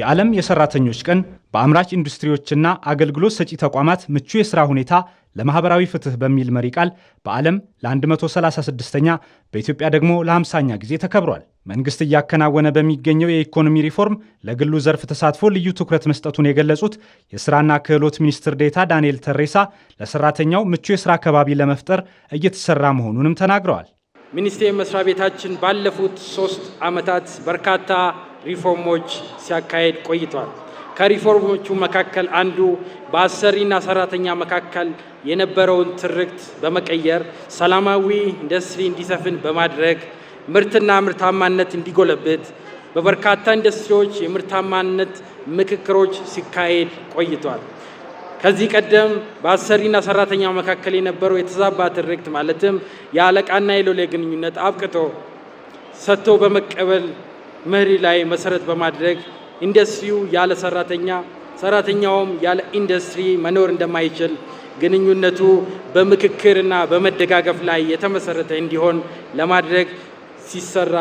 የዓለም የሰራተኞች ቀን በአምራች ኢንዱስትሪዎችና አገልግሎት ሰጪ ተቋማት ምቹ የሥራ ሁኔታ ለማኅበራዊ ፍትሕ በሚል መሪ ቃል በዓለም ለ136ኛ በኢትዮጵያ ደግሞ ለ50ኛ ጊዜ ተከብሯል። መንግሥት እያከናወነ በሚገኘው የኢኮኖሚ ሪፎርም ለግሉ ዘርፍ ተሳትፎ ልዩ ትኩረት መስጠቱን የገለጹት የሥራና ክህሎት ሚኒስትር ዴታ ዳንኤል ተሬሳ ለሠራተኛው ምቹ የሥራ አካባቢ ለመፍጠር እየተሠራ መሆኑንም ተናግረዋል። ሚኒስቴር መስሪያ ቤታችን ባለፉት ሦስት ዓመታት በርካታ ሪፎርሞች ሲያካሄድ ቆይቷል። ከሪፎርሞቹ መካከል አንዱ በአሰሪና ሰራተኛ መካከል የነበረውን ትርክት በመቀየር ሰላማዊ ኢንዱስትሪ እንዲሰፍን በማድረግ ምርትና ምርታማነት እንዲጎለብት በበርካታ ኢንዱስትሪዎች የምርታማነት ምክክሮች ሲካሄድ ቆይቷል። ከዚህ ቀደም በአሰሪና ሰራተኛ መካከል የነበረው የተዛባ ትርክት ማለትም የአለቃና የሎሌ ግንኙነት አብቅቶ ሰጥቶ በመቀበል መሪ ላይ መሰረት በማድረግ ኢንዱስትሪው ያለ ሰራተኛ ሰራተኛውም ያለ ኢንዱስትሪ መኖር እንደማይችል ግንኙነቱ በምክክርና በመደጋገፍ ላይ የተመሰረተ እንዲሆን ለማድረግ ሲሰራ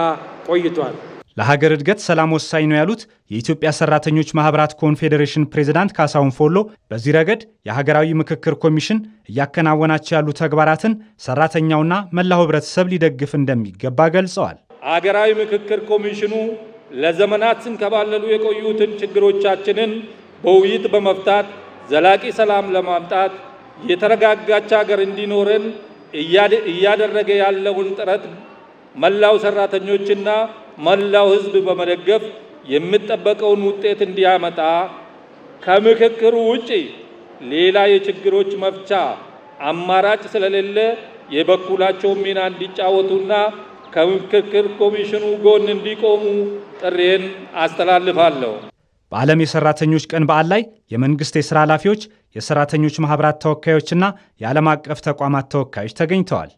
ቆይቷል። ለሀገር እድገት ሰላም ወሳኝ ነው ያሉት የኢትዮጵያ ሰራተኞች ማህበራት ኮንፌዴሬሽን ፕሬዝዳንት ካሳሁን ፎሎ በዚህ ረገድ የሀገራዊ ምክክር ኮሚሽን እያከናወናቸው ያሉ ተግባራትን ሰራተኛውና መላው ህብረተሰብ ሊደግፍ እንደሚገባ ገልጸዋል። አገራዊ ምክክር ኮሚሽኑ ለዘመናት ስንከባለሉ የቆዩትን ችግሮቻችንን በውይይት በመፍታት ዘላቂ ሰላም ለማምጣት የተረጋጋች ሀገር እንዲኖረን እያደረገ ያለውን ጥረት መላው ሰራተኞችና መላው ሕዝብ በመደገፍ የሚጠበቀውን ውጤት እንዲያመጣ ከምክክሩ ውጪ ሌላ የችግሮች መፍቻ አማራጭ ስለሌለ የበኩላቸውን ሚና እንዲጫወቱና ከምክክር ኮሚሽኑ ጎን እንዲቆሙ ጥሬን አስተላልፋለሁ። በዓለም የሰራተኞች ቀን በዓል ላይ የመንግስት የሥራ ኃላፊዎች፣ የሰራተኞች ማኅበራት ተወካዮችና የዓለም አቀፍ ተቋማት ተወካዮች ተገኝተዋል።